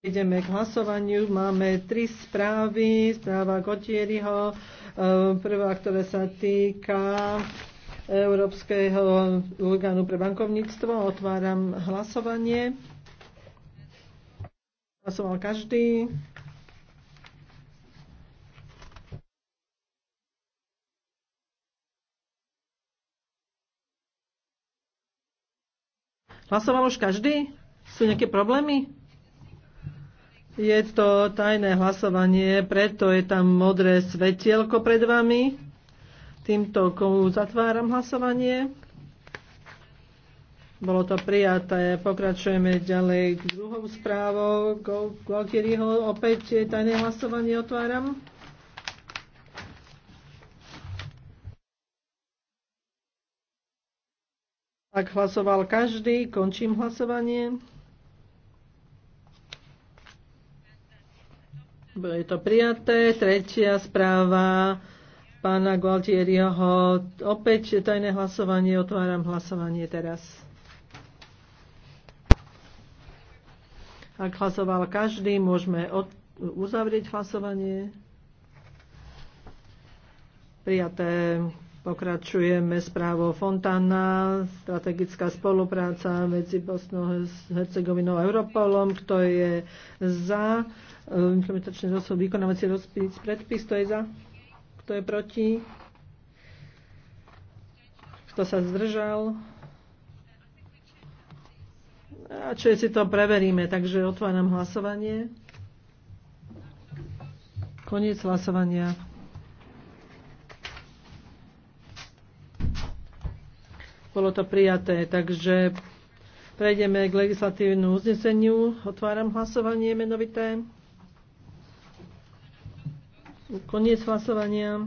Ideme k hlasovaniu. Máme tri správy. Správa Gotieriho, e, prvá, ktorá sa týka Európskeho orgánu pre bankovníctvo. Otváram hlasovanie. Hlasoval každý. Hlasoval už každý? Sú nejaké problémy? Je to tajné hlasovanie, preto je tam modré svetielko pred vami. Týmto komu zatváram hlasovanie. Bolo to prijaté. Pokračujeme ďalej k druhou správou. Gualtieriho opäť tajné hlasovanie otváram. Ak hlasoval každý, končím hlasovanie. je to prijaté. Tretia správa pána Gualtieriho. Opäť tajné hlasovanie. Otváram hlasovanie teraz. Ak hlasoval každý, môžeme uzavrieť hlasovanie. Prijaté. Pokračujeme správou Fontana, strategická spolupráca medzi Bosnou Hercegovinou a Europolom, kto je za e, implementačný rozsud, vykonávací rozpis, predpis, kto je za, kto je proti, kto sa zdržal. A čo si to preveríme, takže otváram hlasovanie. Koniec hlasovania. Bolo to prijaté, takže prejdeme k legislatívnu uzneseniu. Otváram hlasovanie menovité. Koniec hlasovania.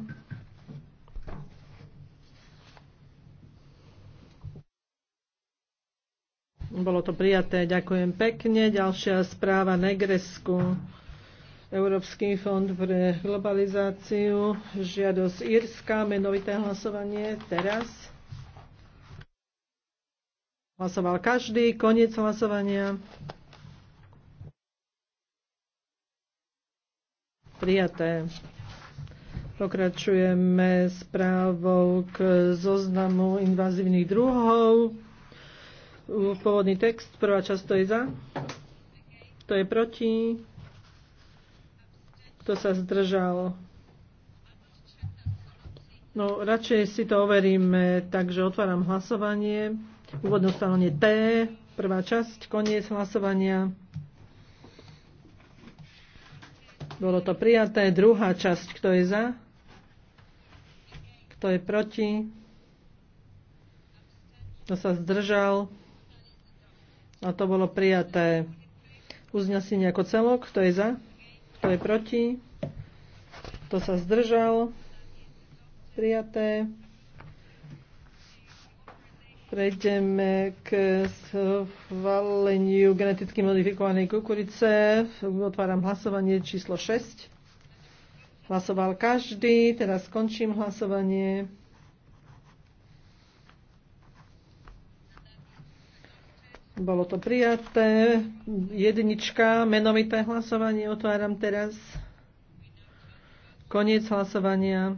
Bolo to prijaté. Ďakujem pekne. Ďalšia správa Negresku. Európsky fond pre globalizáciu. Žiadosť Írska. Menovité hlasovanie teraz. Hlasoval každý. Koniec hlasovania. Prijaté. Pokračujeme správou k zoznamu invazívnych druhov. Pôvodný text, prvá časť to je za, to je proti, kto sa zdržal. No, radšej si to overíme, takže otváram hlasovanie v úvodnom salóne T, prvá časť, koniec hlasovania. Bolo to prijaté. Druhá časť, kto je za? Kto je proti? Kto sa zdržal? A to bolo prijaté. Uznesenie ako celok, kto je za? Kto je proti? Kto sa zdržal? Prijaté. Prejdeme k schváleniu geneticky modifikovanej kukurice. Otváram hlasovanie číslo 6. Hlasoval každý, teraz skončím hlasovanie. Bolo to prijaté. Jednička, menovité hlasovanie otváram teraz. Koniec hlasovania.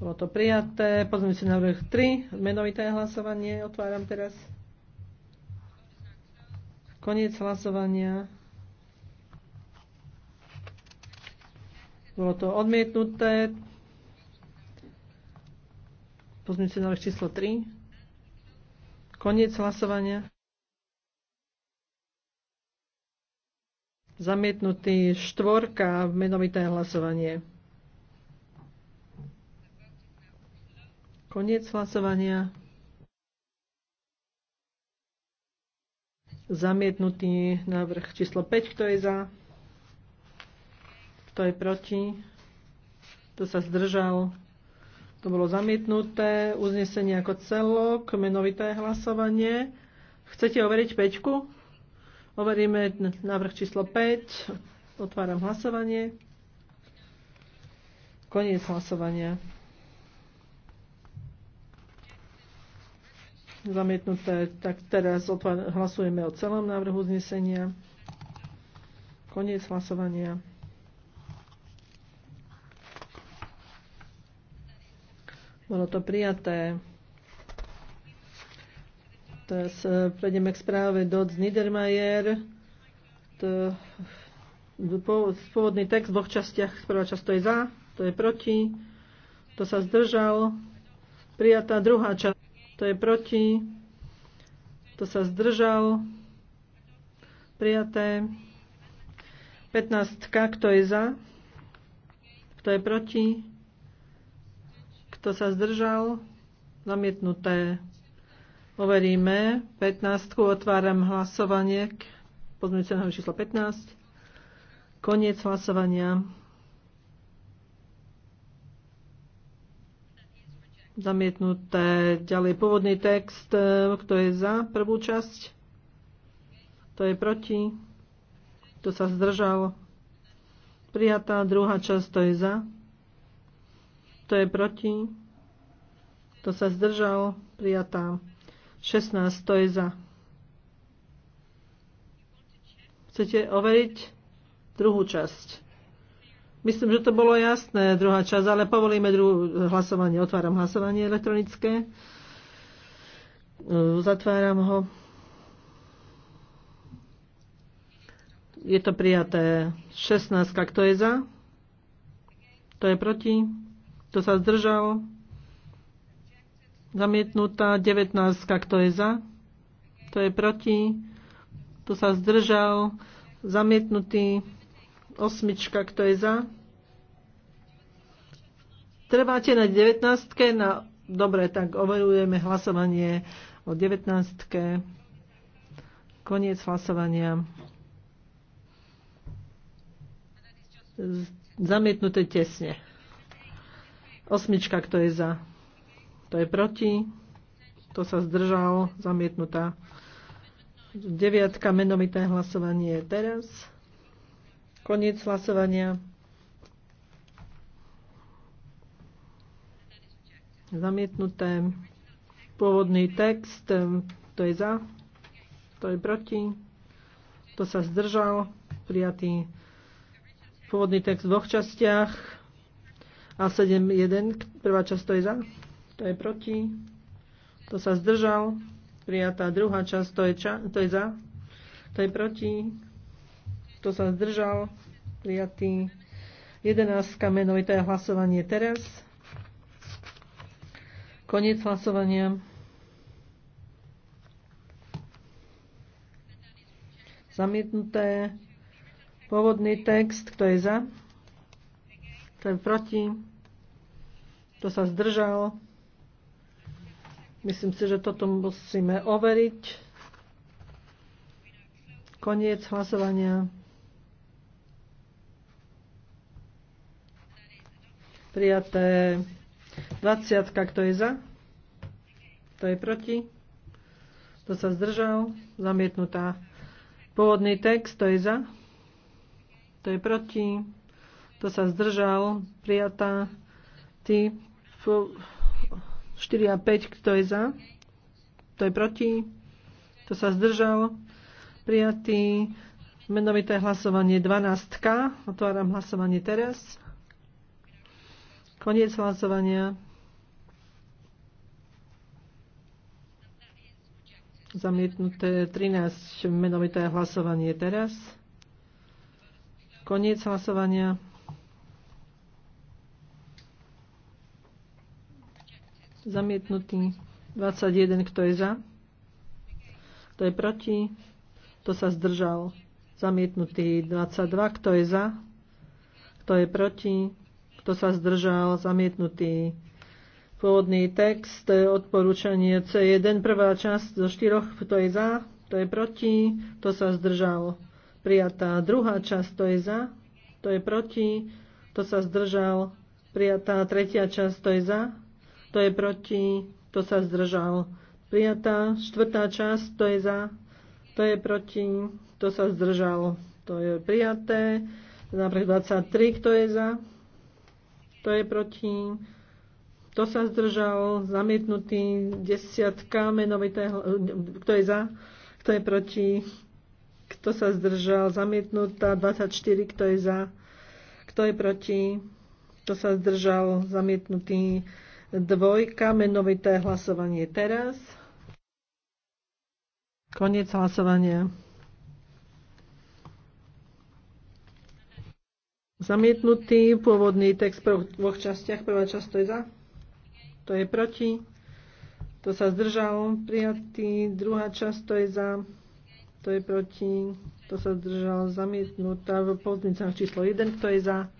Bolo to prijaté. si návrh 3. Menovité hlasovanie. Otváram teraz. Koniec hlasovania. Bolo to odmietnuté. Pozmeňujúci návrh číslo 3. Koniec hlasovania. Zamietnutý štvorka menovité hlasovanie. Koniec hlasovania. Zamietnutý návrh číslo 5. Kto je za? Kto je proti? Kto sa zdržal? To bolo zamietnuté. Uznesenie ako celok, menovité hlasovanie. Chcete overiť 5? Overíme návrh číslo 5. Otváram hlasovanie. Koniec hlasovania. zamietnuté, tak teraz hlasujeme o celom návrhu znesenia. Koniec hlasovania. Bolo to prijaté. Teraz e, prejdeme k správe Dodds Niedermayer. To, e, pôvodný text v dvoch častiach. Prvá časť to je za, to je proti, to sa zdržal. Prijatá druhá časť. To je proti. To sa zdržal. Prijaté. 15. Kto je za? Kto je proti? Kto sa zdržal? Zamietnuté. Overíme. 15. Otváram hlasovanie. sa na číslo 15. Koniec hlasovania. Zamietnuté. Ďalej pôvodný text. E, kto je za prvú časť? Kto je proti? Kto sa zdržal? Prijatá druhá časť. Kto je za? Kto je proti? Kto sa zdržal? Prijatá. 16. Kto je za? Chcete overiť druhú časť? Myslím, že to bolo jasné, druhá časť, ale povolíme druhú hlasovanie. Otváram hlasovanie elektronické. E, zatváram ho. Je to prijaté 16. Kto je za? Kto je proti? Kto sa zdržal? Zamietnutá 19. Kto je za? Kto je proti? Kto sa zdržal? Zamietnutý Osmička, kto je za? Trváte na 19. Na... Dobre, tak overujeme hlasovanie o 19. Koniec hlasovania. Zamietnuté tesne. Osmička, kto je za? Kto je proti? To sa zdržal? Zamietnutá. Deviatka, menovité hlasovanie teraz. Koniec hlasovania. Zamietnuté. Pôvodný text. To je za. To je proti. To sa zdržal. Prijatý pôvodný text v dvoch častiach. A7.1. Prvá časť to je za. To je proti. To sa zdržal. Prijatá druhá časť, to je, ča, to je za, to je proti, kto sa zdržal? Prijatý. 11. Menovité hlasovanie teraz. Koniec hlasovania. Zamietnuté. Pôvodný text. Kto je za? Kto je proti? Kto sa zdržal? Myslím si, že toto musíme overiť. Koniec hlasovania. Prijaté 20, kto je za? Kto je proti? Kto sa zdržal? Zamietnutá. Pôvodný text, kto je za? Kto je proti? Kto sa zdržal? Prijatá. Ty 4 a 5, kto je za? Kto je proti? Kto sa zdržal? Prijatý. Menovité hlasovanie 12. Otváram hlasovanie teraz. Koniec hlasovania. Zamietnuté 13 menovité hlasovanie teraz. Koniec hlasovania. Zamietnutý 21, kto je za? Kto je proti? Kto sa zdržal? Zamietnutý 22, kto je za? Kto je proti? Kto sa zdržal? Zamietnutý. Pôvodný text, odporúčanie C1, prvá časť zo štyroch, to je za, to je proti, to sa zdržal. Prijatá druhá časť, to je za, to je proti, to sa zdržal. Prijatá tretia časť, to je za, to je proti, to sa zdržal. Prijatá štvrtá časť, to je za, to je proti, to sa zdržal. To je prijaté. Napríklad 23, kto je za, kto je proti? Kto sa zdržal? Zamietnutý. Desiatka menovitého. Eh, kto je za? Kto je proti? Kto sa zdržal? Zamietnutá. 24. Kto je za? Kto je proti? Kto sa zdržal? Zamietnutý. Dvojka. Menovité hlasovanie teraz. Koniec hlasovania. Zamietnutý pôvodný text v dvoch častiach. Prvá časť to je za, to je proti, to sa zdržal. Prijatý druhá časť to je za, to je proti, to sa zdržal. Zamietnutá v poznicách číslo 1, kto je za,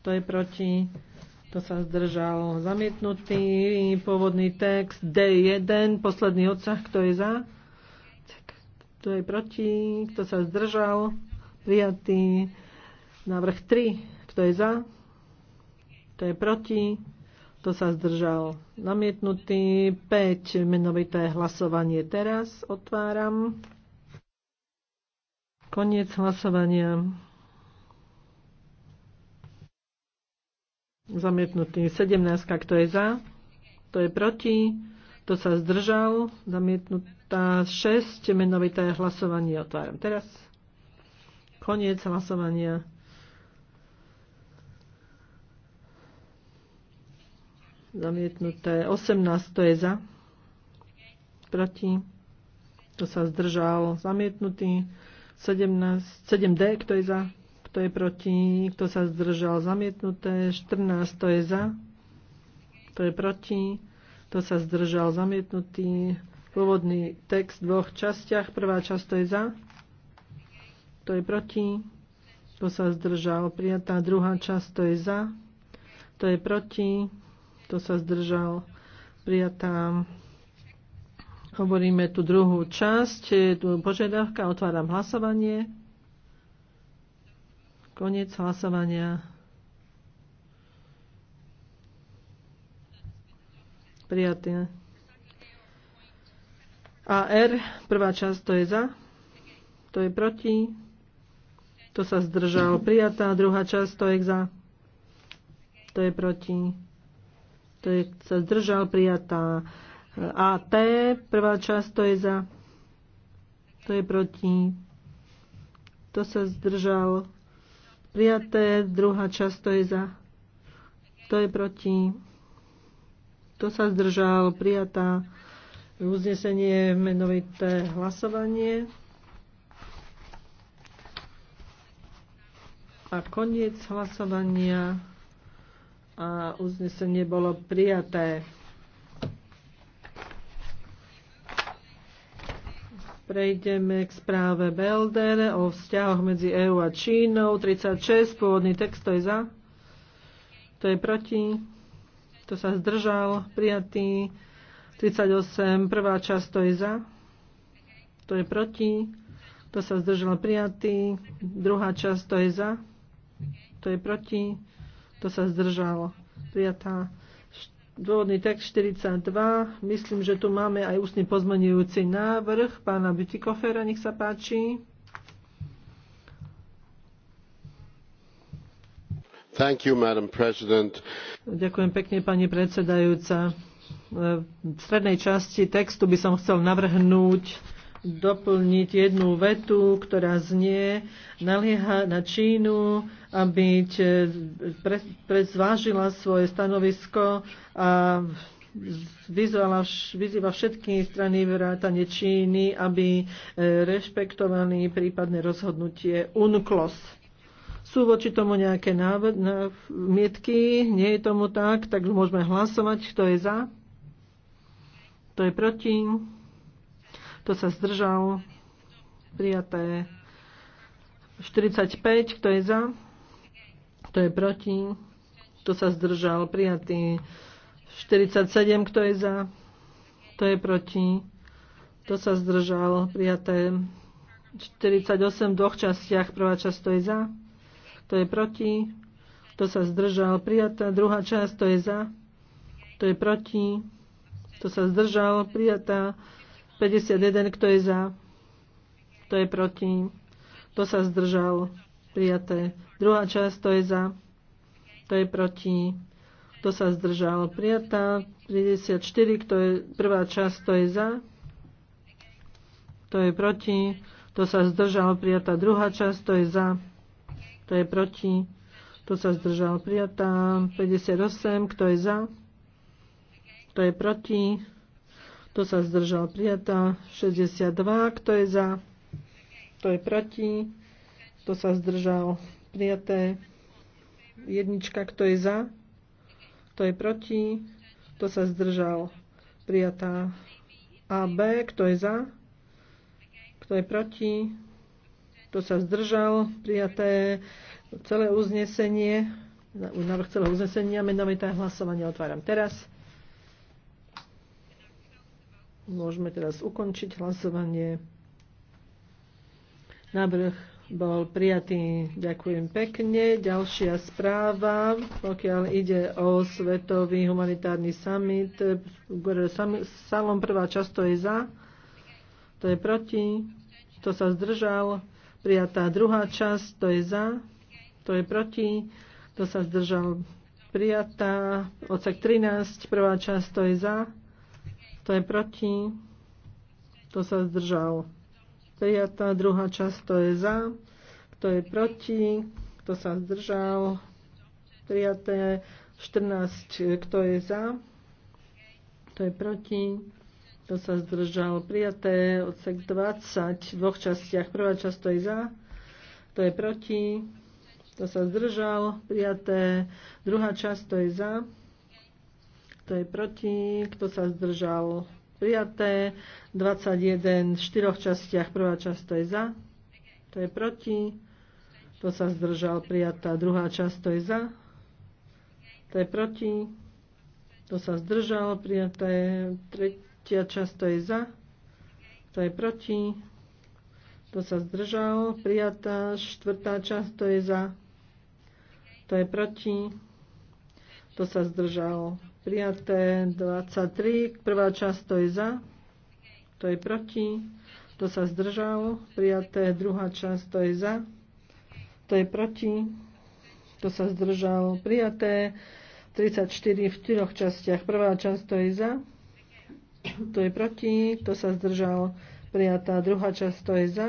to je proti, to sa zdržal. Zamietnutý pôvodný text D1, posledný odsah, kto je za, to je proti, kto sa zdržal. Prijatý Návrh 3. Kto je za? Kto je proti? Kto sa zdržal? Namietnutý 5. Menovité hlasovanie teraz otváram. Koniec hlasovania. Zamietnutý 17. Kto je za? Kto je proti? Kto sa zdržal? Zamietnutá 6. Menovité hlasovanie otváram teraz. Koniec hlasovania. Zamietnuté. 18. To je za. Proti. to sa zdržal? Zamietnutý. 17, 7D. Kto je za? Kto je proti? Kto sa zdržal? Zamietnuté. 14. To je za. Kto je proti? Kto sa zdržal? Zamietnutý. Pôvodný text v dvoch častiach. Prvá časť to je za. Kto je proti? Kto sa zdržal? Prijatá druhá časť to je za. Kto je proti? To sa zdržal, prijatá. Hovoríme tu druhú časť, tu požiadavka, otváram hlasovanie. Koniec hlasovania. A R, prvá časť, to je za, to je proti, to sa zdržalo. Prijatá, druhá časť, to je za, to je proti to je, sa zdržal prijatá T, e, prvá časť, to je za, to je proti, to sa zdržal prijaté, druhá časť, to je za, to je proti, to sa zdržal prijatá uznesenie menovité hlasovanie. A koniec hlasovania a uznesenie bolo prijaté. Prejdeme k správe Belder o vzťahoch medzi EÚ a Čínou. 36, pôvodný text, to je za. To je proti. To sa zdržal. Prijatý. 38, prvá časť, to je za. To je proti. To sa zdržal. Prijatý. Druhá časť, to je za. To je proti to sa zdržal. Prijatá dôvodný text 42. Myslím, že tu máme aj ústny pozmenujúci návrh pána Bytikofera, nech sa páči. Thank you, Madam President. Ďakujem pekne, pani predsedajúca. V strednej časti textu by som chcel navrhnúť doplniť jednu vetu, ktorá znie, nalieha na Čínu, aby pre, prezvážila svoje stanovisko a vyzvala, vyzýva všetky strany vrátane Číny, aby e, rešpektovali prípadné rozhodnutie UNCLOS sú voči tomu nejaké mietky? Nie je tomu tak, tak môžeme hlasovať. Kto je za? Kto je proti? kto sa zdržal, prijaté 45, kto je za, kto je proti, kto sa zdržal, prijatý 47, kto je za, kto je proti, kto sa zdržal, prijaté 48 v dvoch častiach, prvá časť to je za, kto je proti, kto sa zdržal, prijatá, druhá časť to je za, kto je proti, kto sa zdržal, prijatá 51, kto je za, kto je proti, kto sa zdržal, prijaté. Druhá časť, kto je za, kto je proti, kto sa zdržal, prijatá. 54, kto je prvá časť, kto je za, kto je proti, kto sa zdržal, prijatá. Druhá časť, kto je za, kto je proti, kto sa zdržal, prijatá. 58, kto je za, kto je proti, kto sa zdržal? Prijatá. 62. Kto je za? Kto je proti? Kto sa zdržal? Prijaté. Jednička. Kto je za? Kto je proti? Kto sa zdržal? Prijatá. A B. Kto je za? Kto je proti? Kto sa zdržal? Prijaté celé uznesenie, návrh celého uznesenia, menovité hlasovanie otváram teraz. Môžeme teraz ukončiť hlasovanie. Návrh bol prijatý. Ďakujem pekne. Ďalšia správa, pokiaľ ide o Svetový humanitárny summit. Salom prvá časť to je za, to je proti, to sa zdržal. Prijatá druhá časť, to je za, to je proti, to sa zdržal. Prijatá odsek 13, prvá časť, to je za, kto je proti? Kto sa zdržal? Prijatá druhá časť, to je za. Kto je proti? Kto sa zdržal? Prijaté 14, kto je za? Kto je proti? Kto sa zdržal? Prijaté odsek 20 v dvoch častiach. Prvá časť to je za, to je proti, to sa zdržal. Prijaté druhá časť to je za, kto je proti, kto sa zdržal prijaté, 21 v štyroch častiach, prvá časť to je za, to je proti, kto sa zdržal prijatá, druhá časť to je za, to je proti, kto sa zdržal prijaté, tretia časť to je za, to je proti, kto sa zdržal prijatá, štvrtá časť to je za, to je proti, kto sa zdržal Prijaté 23. Prvá časť to je za. To je proti. To sa zdržal. Prijaté druhá časť to je za. To je proti. To sa zdržal. Prijaté 34 v štyroch častiach. Prvá časť to je za. To je proti. To sa zdržal. Prijatá druhá časť to je za.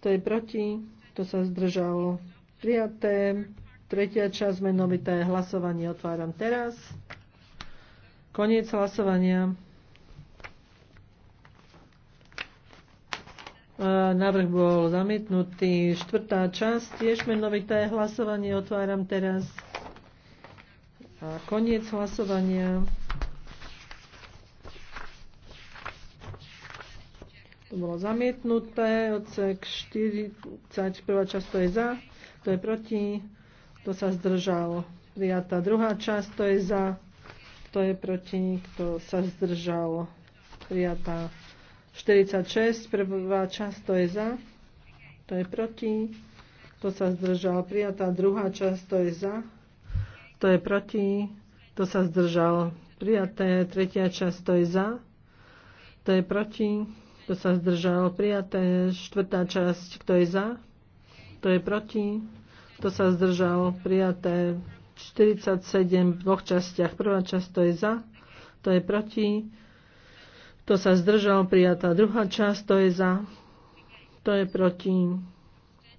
To je proti. To sa zdržalo. Prijaté Tretia časť menovité hlasovanie otváram teraz. Koniec hlasovania. E, návrh bol zamietnutý. Štvrtá časť, tiež menovité hlasovanie otváram teraz. A koniec hlasovania. To bolo zamietnuté. Odsek 40, prvá časť to je za, to je proti kto sa zdržal. Prijatá druhá časť, to je za, kto je proti, kto sa zdržal. Prijatá 46, prvá časť, to je za, kto je proti, kto sa zdržal. Prijatá druhá časť, to je za, kto je proti, kto sa zdržal. Prijaté tretia časť, to je za, kto je proti, kto sa zdržal. Prijaté štvrtá časť, kto je za, kto je proti, to sa zdržalo, Prijaté 47 v dvoch častiach. Prvá časť to je za, to je proti. to sa zdržalo, Prijatá druhá časť to je za, to je proti.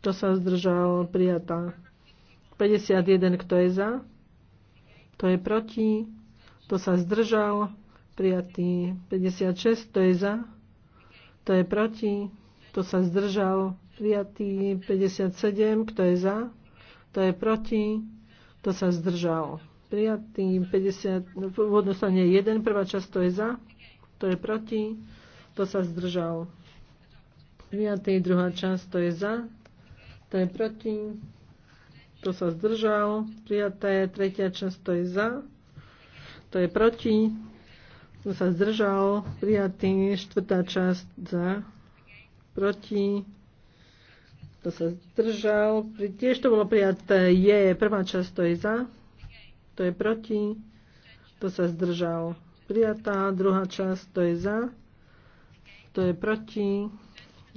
to sa zdržalo, Prijatá 51, kto je za? to je proti? to sa zdržal? Prijatý. 56, kto je za? to je proti? to sa zdržal? Prijatý. 57, kto je za? To je proti? to sa zdržal? Prijatý 50, v sa 1, prvá časť to je za, to je proti, to sa zdržal. Prijatý druhá časť to je za, to je proti, to sa zdržal. Prijaté tretia časť to je za, to je proti, to sa zdržal. Prijatý štvrtá časť za, proti, to sa zdržal? Tiež to bolo prijaté. Je prvá časť, to je za. To je proti. to sa zdržal? Prijatá. Druhá časť, to je za. To je proti.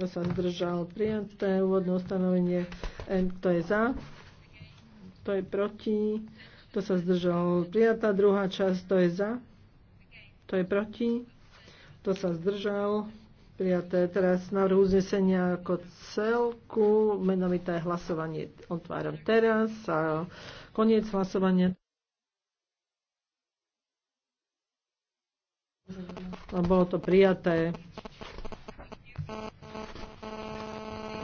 To sa zdržal? Prijaté. Úvodné ustanovenie. Kto je za? To je proti. to sa zdržal? Prijatá. Druhá časť, to je za. To je proti. to sa zdržal? prijaté. Teraz návrh uznesenia ako celku, menovité hlasovanie otváram teraz a koniec hlasovania. A bolo to prijaté.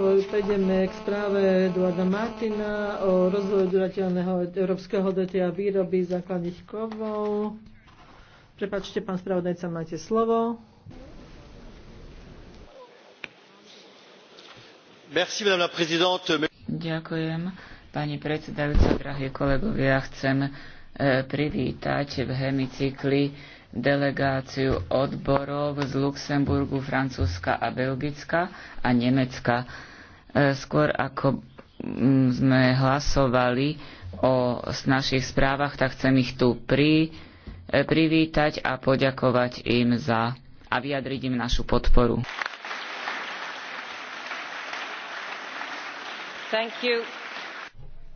Prejdeme k správe Eduarda Martina o rozvoju durateľného európskeho a výroby základných kovov. Prepačte, pán spravodajca, máte slovo. Ďakujem, pani predsedajúca, drahí kolegovia. Chcem e, privítať v hemicykli delegáciu odborov z Luxemburgu, Francúzska a Belgicka a Nemecka. E, skôr ako mm, sme hlasovali o našich správach, tak chcem ich tu pri, e, privítať a poďakovať im za a vyjadriť im našu podporu.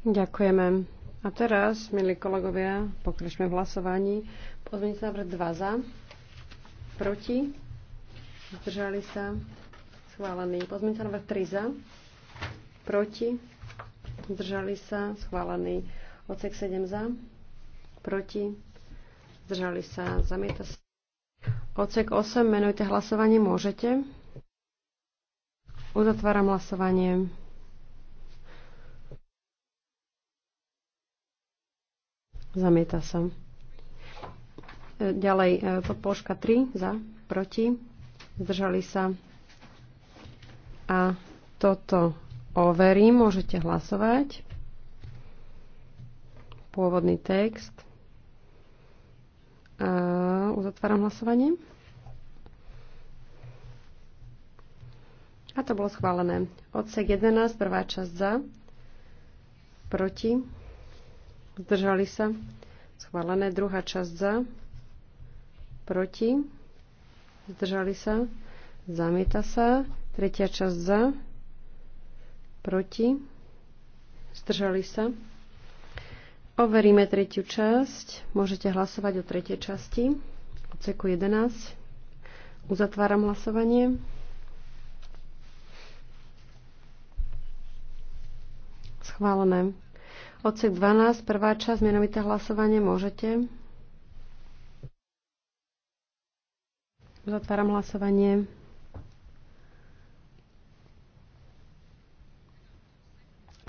Ďakujeme. A teraz, milí kolegovia, pokračme v hlasovaní. Pozmeňte návrh 2 za, proti, zdržali sa, schválený. Pozmeňte návrh 3 za, proti, zdržali sa, schválený. Odsek 7 za, proti, zdržali sa, zamieta sa. Odsek 8, menujte hlasovanie, môžete. Uzatváram hlasovanie. Zamieta sa. E, ďalej e, podpoložka 3 za, proti, zdržali sa. A toto overím, môžete hlasovať. Pôvodný text. A e, uzatváram hlasovanie. A to bolo schválené. Odsek 11, prvá časť za, proti, Zdržali sa? Schválené. Druhá časť za. Proti? Zdržali sa? Zamieta sa. Tretia časť za. Proti? Zdržali sa? Overíme tretiu časť. Môžete hlasovať o tretej časti. Odseku 11. Uzatváram hlasovanie. Schválené. Odsek 12, prvá časť, menovité hlasovanie, môžete. Zatváram hlasovanie.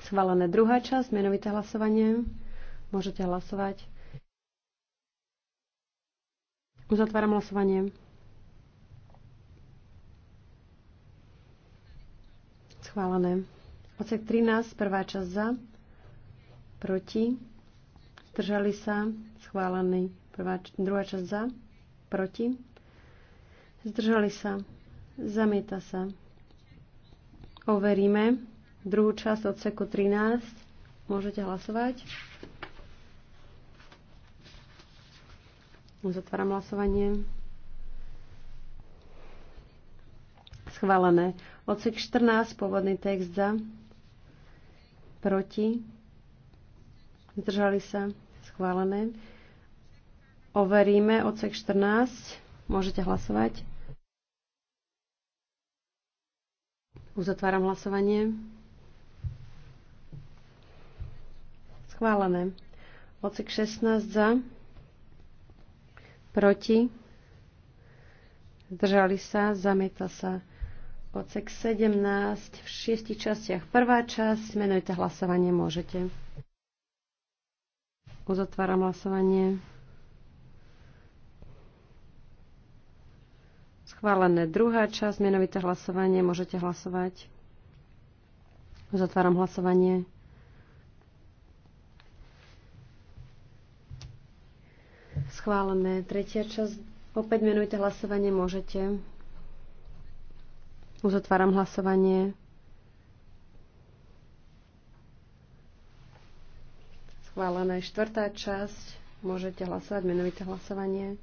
Schválené druhá časť, menovité hlasovanie. Môžete hlasovať. Uzatváram hlasovanie. Schválené. Odsek 13, prvá časť za proti, zdržali sa, schválený. Prvá, druhá časť za, proti, zdržali sa, zamieta sa. Overíme druhú časť odseku 13. Môžete hlasovať. Zatváram hlasovanie. Schválené. Odsek 14, pôvodný text za, proti, zdržali sa, schválené. Overíme odsek 14, môžete hlasovať. Uzatváram hlasovanie. Schválené. Odsek 16 za. Proti. Zdržali sa. Zamieta sa. Odsek 17 v šiestich častiach. Prvá časť. Menujte hlasovanie. Môžete. Uzatváram hlasovanie. Schválené druhá časť, menovité hlasovanie. Môžete hlasovať. Uzatváram hlasovanie. Schválené. Tretia časť. Opäť menujte hlasovanie. Môžete. Uzatváram hlasovanie. je Štvrtá časť. Môžete hlasovať, menovité hlasovanie.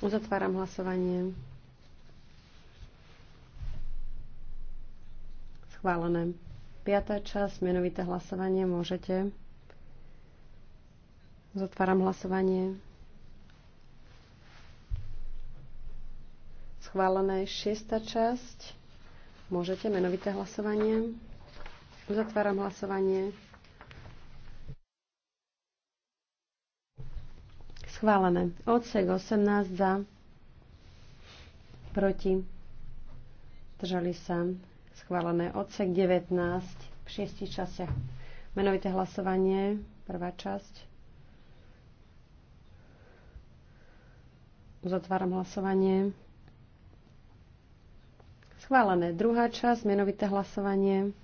Uzatváram hlasovanie. Schválené. Piatá časť, menovité hlasovanie. Môžete. Uzatváram hlasovanie. Schválené šiesta časť. Môžete menovité hlasovanie. Uzatváram hlasovanie. Schválené. Odsek 18 za. Proti. Držali sa. Schválené. Odsek 19 v šiestich častiach. Menovité hlasovanie. Prvá časť. Zotváram hlasovanie. Schválené. Druhá časť, menovité hlasovanie.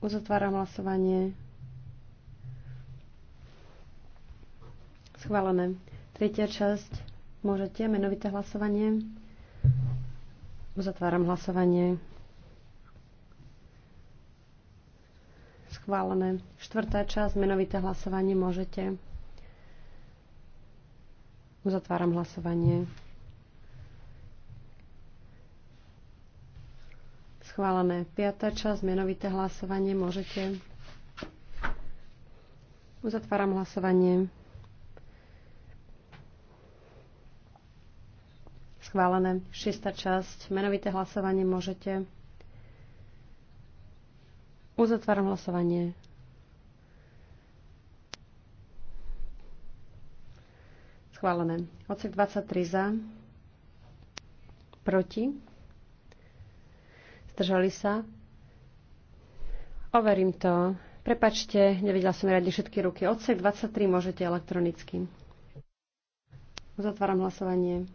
Uzatváram hlasovanie. Schválené. Tretia časť. Môžete menovité hlasovanie. Uzatváram hlasovanie. Schválené. Štvrtá časť. Menovité hlasovanie. Môžete. Uzatváram hlasovanie. Schválené. Piatá časť. Menovité hlasovanie. Môžete. Uzatváram hlasovanie. Schválené. Šiesta časť. Menovité hlasovanie môžete. Uzatváram hlasovanie. Schválené. Odsek 23 za. Proti. Zdržali sa. Overím to. Prepačte, nevidela som riadne všetky ruky. Odsek 23 môžete elektronicky. Uzatváram hlasovanie.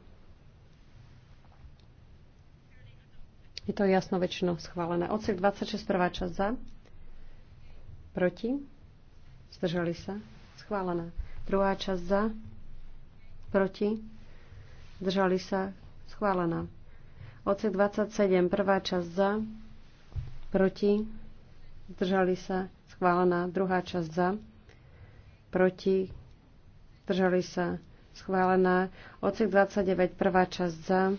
Je to jasno väčšinou schválené. Odsek 26, prvá časť za. Proti. Zdržali sa. Schválená. Druhá časť za. Proti. Zdržali sa. Schválená. Odsek 27, prvá časť za. Proti. Zdržali sa. Schválená. Druhá časť za. Proti. Zdržali sa. Schválená. Odsek 29, prvá časť za.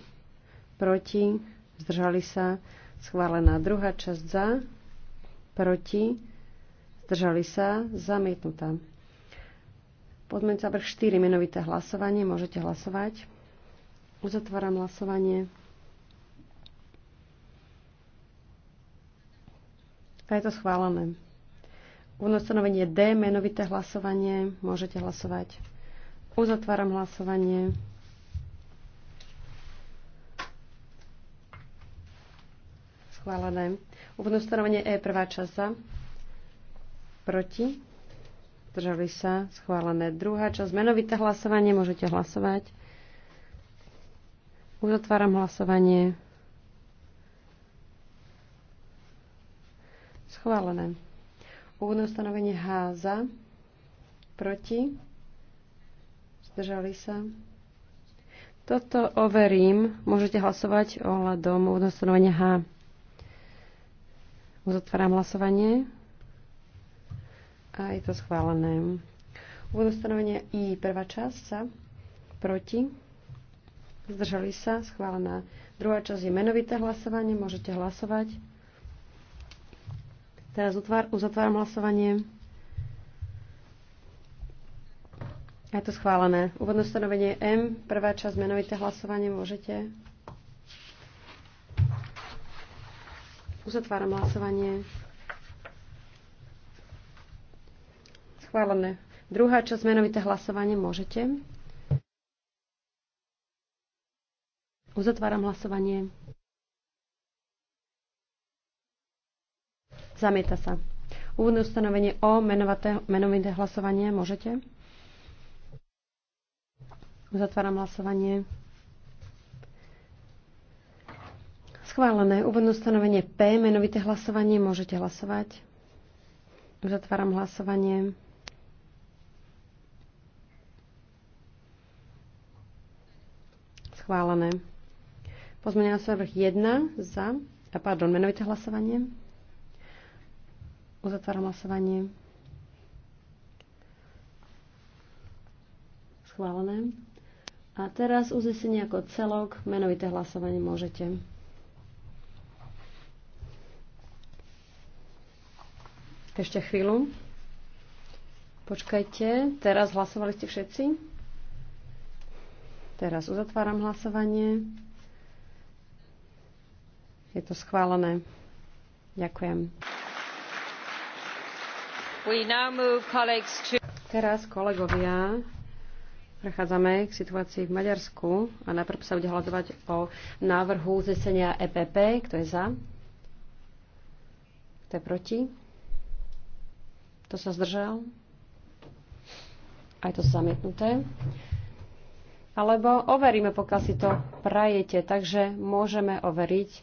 Proti zdržali sa, schválená druhá časť za, proti, zdržali sa, zamietnutá. Podmeň sa vrch 4, menovité hlasovanie, môžete hlasovať. Uzatváram hlasovanie. A je to schválené. Ustanovenie D, menovité hlasovanie, môžete hlasovať. Uzatváram hlasovanie. Schválené. Úvodné ustanovenie E, prvá časa. za. Proti. Zdržali sa. Schválené. Druhá časť. Menovité hlasovanie. Môžete hlasovať. Uzatváram hlasovanie. Schválené. Úvodné ustanovenie H za. Proti. Zdržali sa. Toto overím. Môžete hlasovať ohľadom úvodného stanovenia H. Uzatváram hlasovanie. A je to schválené. Úvodné stanovenie I, prvá časť sa proti. Zdržali sa, schválená. Druhá časť je menovité hlasovanie, môžete hlasovať. Teraz utvár, uzatváram hlasovanie. A je to schválené. Úvodné stanovenie M, prvá časť menovité hlasovanie, môžete Uzatváram hlasovanie. Schválené. Druhá časť menovité hlasovanie môžete. Uzatváram hlasovanie. Zamieta sa. Úvodné ustanovenie o menovaté, menovité hlasovanie môžete. Uzatváram hlasovanie. Schválené. Úvodné stanovenie P. Menovité hlasovanie. Môžete hlasovať. Zatváram hlasovanie. Schválené. sa vrch 1 za. A pardon, menovité hlasovanie. Uzatváram hlasovanie. Schválené. A teraz uznesenie ako celok, menovité hlasovanie môžete. Ešte chvíľu. Počkajte, teraz hlasovali ste všetci? Teraz uzatváram hlasovanie. Je to schválené. Ďakujem. We now move colleagues to... Teraz, kolegovia, prechádzame k situácii v Maďarsku a najprv sa bude hľadovať o návrhu zesenia EPP. Kto je za? Kto je proti? Kto sa zdržal? Aj to zamietnuté. Alebo overíme, pokiaľ si to prajete. Takže môžeme overiť.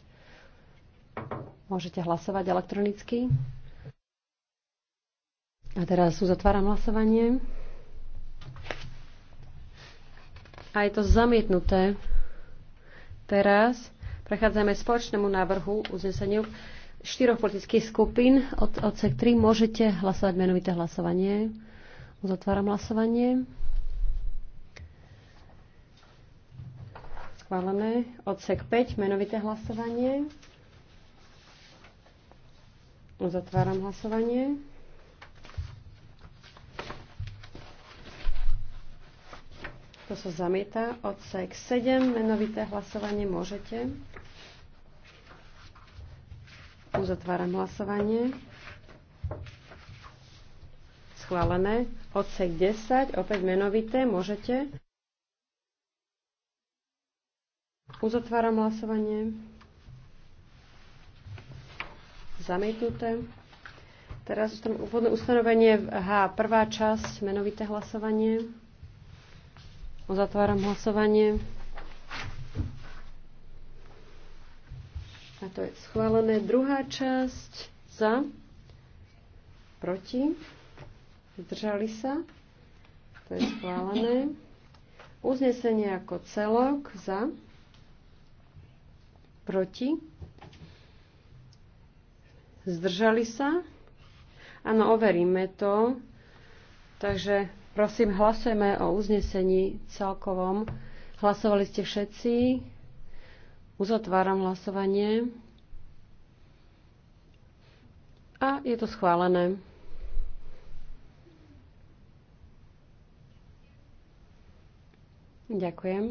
Môžete hlasovať elektronicky. A teraz uzatváram hlasovanie. A je to zamietnuté. Teraz prechádzame spoločnému návrhu uzneseniu štyroch politických skupín od odsek 3. Môžete hlasovať menovité hlasovanie. Uzatváram hlasovanie. Schválené. Odsek 5. Menovité hlasovanie. Uzatváram hlasovanie. To sa zamieta. Odsek 7. Menovité hlasovanie môžete. Uzatváram hlasovanie. Schválené. Odsek 10, opäť menovité, môžete. Uzatváram hlasovanie. Zamietnuté. Teraz tam úvodné ustanovenie H. Prvá časť, menovité hlasovanie. Uzatváram hlasovanie. A to je schválené. Druhá časť za, proti, zdržali sa. To je schválené. Uznesenie ako celok za, proti, zdržali sa. Áno, overíme to. Takže prosím, hlasujeme o uznesení celkovom. Hlasovali ste všetci. Uzatváram hlasovanie. A je to schválené. Ďakujem.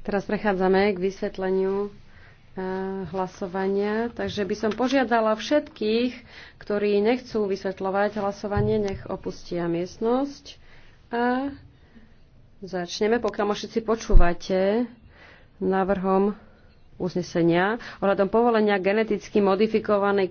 Teraz prechádzame k vysvetleniu eh, hlasovania. Takže by som požiadala všetkých, ktorí nechcú vysvetľovať hlasovanie, nech opustia miestnosť. A začneme, pokiaľ ma všetci počúvate, návrhom uznesenia ohľadom povolenia geneticky modifikovanej